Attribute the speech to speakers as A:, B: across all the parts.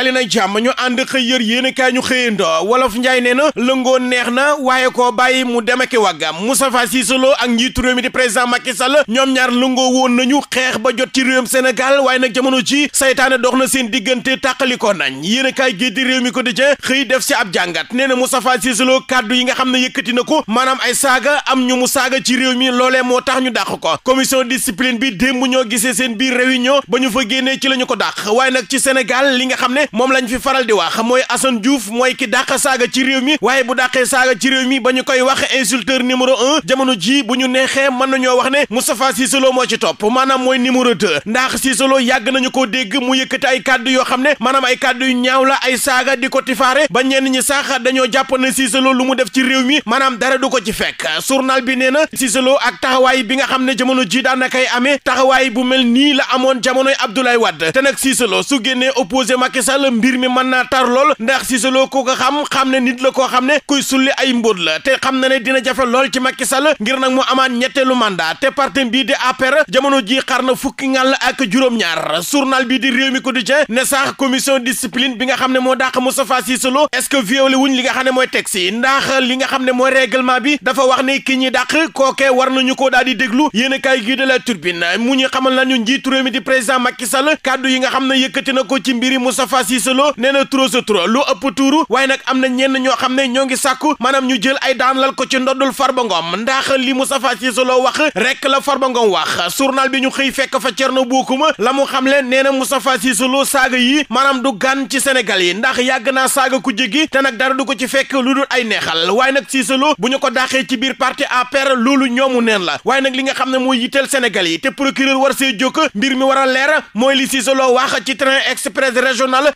A: dali na jàmm ñu ànd xëy yër yéene kaa ñu xëyando wolof njaay nee na lëngoon neex na waaye ko bàyyi mu dem ak mu Moustapha Cissé Lo ak njiitu réew mi di président Macky Sall ñoom ñaar lëngoo woon nañu xeex ba jot ci réewum Sénégal waaye nag jamono ci seytaane dox na seen diggante ko nañ yéen kaay gii di réew mi ko di je xëy def si ab jàngat nee na Moustapha Cissé Lo kàddu yi nga xam ne yëkkati na ko maanaam ay saaga am ñu mu saaga ci réew mi loolee moo tax ñu dàq ko commission discipline bi démb ñoo gisee seen biir réunion ba ñu fa génnee ci la ñu ko dàq waaye nag ci Sénégal li nga xam ne moom lañ fi faral di wax mooy Assane Diouf mooy ki dàq saaga ci réew mi waaye bu dàqee saaga ci réew mi ba ñu koy wax insulteur numéro un jamono ji bu ñu neexee mën nañoo wax ne Moustapha Cissé Lo moo ci topp maanaam mooy numéro deux ndax Cissé Lo yàgg nañu koo dégg mu yëkkati ay kàddu yoo xam ne maanaam ay kàddu ñaaw la ay saaga di ko tifaare ba ñenn ñi sax dañoo jàpp ne Cissé Lo lu mu def ci réew mi maanaam dara du ko ci fekk journal bi nee na Cissé ak taxawaay bi nga xam ne jamono ji daanakay amee taxawaay bu mel nii la amoon jamonoy Abdoulaye Wade te nag Cissé su génnee opposé Macky Sall daal mbir mi mën naa tar lool ndax Cissé ko ko xam xam ne nit la koo xam ne kuy sulli ay mbóot la te xam na dina jafe lool ci Macky ngir nag mu amaat man mandat te parti bii di APR jamono ji xar na fukki ngàll ak juróom-ñaar journal bii di réew mi quotidien ne sax commission discipline bi nga xam ne moo dàq Moustapha Cissé Lo est-ce wuñ li nga xam ne mooy texte yi ndax li nga xam ne mooy règlement bi dafa wax ne ki ñuy dàq kooke war nañu ko daal di déglu a kaay gii de la turbine ñu Moustapha Cissé Lo nee lu ëpp tuuru waaye am na ñenn ñoo xam ne ñoo ngi sàkku maanaam ñu jël ay daan lal ko ci ndoddul Farba Ngom ndax li Moustapha Cissé Lo wax rek la Farba Ngom wax journal bi ñu xëy fekk fa Thierno Bocoum la mu xam leen nee na Moustapha Cissé Lo saaga yi maanaam du gan ci Sénégal yi ndax yàgg naa saaga ku jéggi te nag dara du ko ci fekk lu dul ay neexal waaye nag Cissé Lo bu ñu ko daaxee ci biir parti APR loolu ñoomu neen la waaye nag li nga xam ne mooy yitteel Sénégal yi te procureur war see a leer mooy li Cissé Lo wax ci train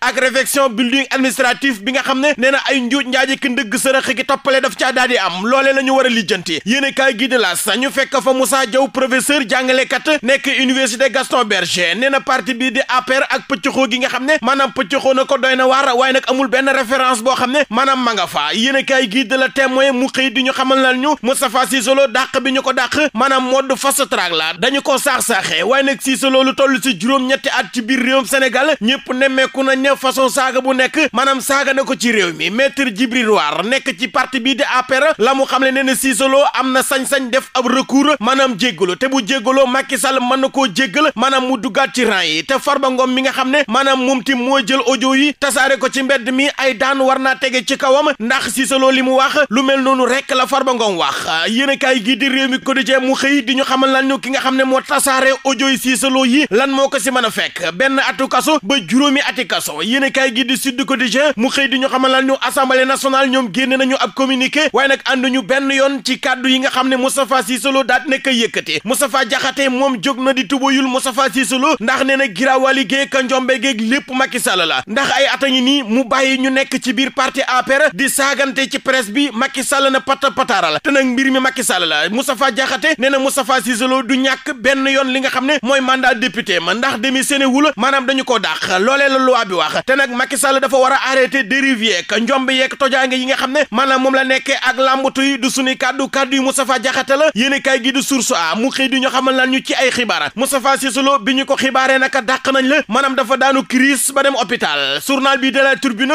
A: ak réfection building administratif bi nga xam ne nee na ay njuuj njaaji ki ndëgg sërëx gi toppale daf caa daal am loolee la ñu war a lijjanti yéen kaay gi de la sa ñu fekk fa Moussa Diaw professeur kat nekk université Gaston Berger nee na parti bii di APR ak pëccëxoo gi nga xam ne maanaam pëccëxoo na ko doy na waar waaye nag amul benn référence boo xam ne maanaam ma nga faa yéen kaay gi de la témoin mu xëy di ñu xamal lan ñu Moustapha Cissé Lo daq bi ñu ko dàq maanaam mode fast track la dañu ko saax-saaxee waaye nag Cissé Lo lu toll si juróom at ci biir réewum Sénégal ñëpp nemmeeku nañ ne façon saaga bu nekk maanaam saaga na ko ci réew mi maître Djibril War nekk ci parti bii di APR la mu xam ne nee na Cissé Lo am na sañ-sañ def ab recours maanaam jéggalu te bu jéggaloo Macky Sall mën na koo jéggal maanaam mu duggaat ci rang yi te Farba Ngom mi nga xam ne maanaam moom ti moo jël audio yi tasaare ko ci mbedd mi ay daan war naa tege ci kawam ndax Cissé Lo li mu wax lu mel noonu rekk la far ba ngoom wax yéenekaay gii di réew mi quotidien mu xëy di ñu xamal lan ñu ki nga xam ne moo tasaare audio yi Cissé Lo yi lan moo ko si mën a fekk benn atu ba juróomi ati kaso yéen kaay gi di Sud Quotidien mu xëy di ñu xamalal ñu assemblée nationale ñoom génne nañu ab communiqué waaye nag ànduñu benn yoon ci kàddu yi nga xam ne Moustapha Cissé Lo daat nekk yëkkati Moustapha Diakhaté moom jóg na di tubayul Moustapha Cissé Lo ndax nee na giraawali géeg njombe géeg lépp Macky Sall la ndax ay at a ngi nii mu bàyyi ñu nekk ci biir parti APR di saagante ci presse bi Macky Sall na pata pataaral te nag mbir mi Macky Sall la Moustapha Diakhaté nee na Moustapha Cissé Lo du ñàkk benn yoon li nga xam ne mooy mandat député ma ndax démissionné wul maanaam dañu ko dàq loolee wax te nag Macky Sall dafa war a arrêté dérive yeeg njomb yeeg tojaange yi nga xam ne maanaam moom la nekkee ak làmbatu yi du suñuy kàddu kàddu yi Moustapha Diakhaté la kay gi di source a mu xëy di ñu xamal ñu ci ay xibaar Moustapha Cissé Lo bi ñu ko xibaaree naka dàq nañ la maanaam dafa daanu crise ba dem hôpital journal bi de la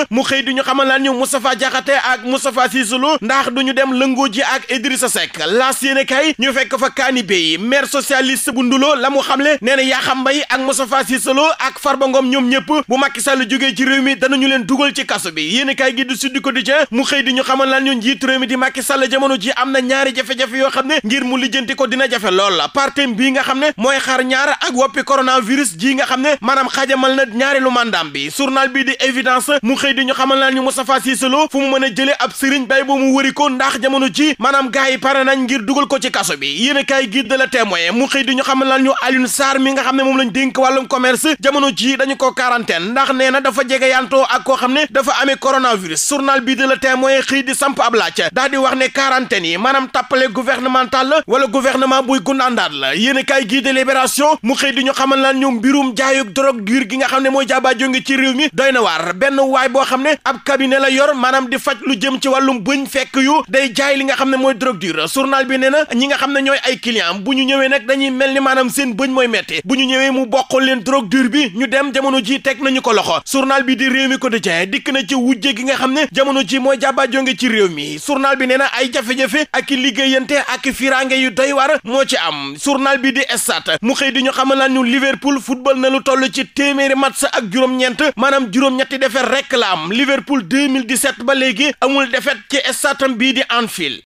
A: mu xëy di ñu xamal lan ñu Moustapha Diakhaté ak Moustapha Cissé Lo ndax duñu dem lëngoo ji ak Idrissa Seck laas yéen kay ñu fekk fa kaani bay maire socialiste bu la mu na Yakham Mbaye ak Moustapha Cissé Lo ak Farba Ngom ñoom ñëpp bu Macky Sall jógee ci réew mi danañu leen dugal ci kaso bi yéen kaay gi du Sud Quotidien mu xëy di ñu xamal laan ñu njiit réew mi di Macky Sall jamono ji am na ñaari jafe-jafe yoo xam ne ngir mu lijjanti ko dina jafe lool la partem bii nga xam ne mooy xar ñaar ak woppi coronavirus ji nga xam ne maanaam xaajamal na ñaari lu mandaam bi journal bii di évidence mu xëy di ñu xamal laan ñu Moustapha Cissé Lo fu mu mën a jëlee ab sëriñ bay boo mu wëri ko ndax jamono ji maanaam gars yi pare nañ ngir dugal ko ci kaso bi yéen kaay gi de la témoin mu xëy di ñu xamal laan ñu Alioune Sarr mi nga xam ne lañ dénk wàllum commerce jamono ji dañu ko quarantaine ndax ne nee na dafa jege yantoo ak koo xam ne dafa amee coronavirus journal bii de la témoin xëy di samp ab laaj daal di wax ne quarantaine yi maanaam tàppale gouvernemental la wala gouvernement buy gundaandaat la yéen a kaay gii de libération mu xëy di ñu xamal lan ñu mbirum jaayug drogue dure gi nga xam ne mooy jaabaa jónge ci réew mi doy na waar benn waay boo xam ne ab cabinet la yor maanaam di faj lu jëm ci wàllum bëñ fekk yu day jaay li nga xam ne mooy drogue dure bi nee na ñi nga xam ne ñooy ay client bu ñu ñëwee nag dañuy mel ni maanaam seen bëñ mooy metti bu ñu ñëwee mu bokkal leen drogue bi ñu dem jamono ji teg nañu ko loxo journal bi di réew mi quotidien dikk na ci wujje gi nga xam ne jamono ci mooy jàbbaa jonge ci réew mi journal bi nee na ay jafe-jafe ak liggéeyante ak firange yu doy war moo ci am journal bi di Stades mu xëy di ñu xamal naa ñu Liverpool football na lu toll ci téeméeri match ak juróom-ñeent maanaam juróom-ñetti defet rek la am Liverpool 2017 ba léegi amul defet ci stade am bii di Anfield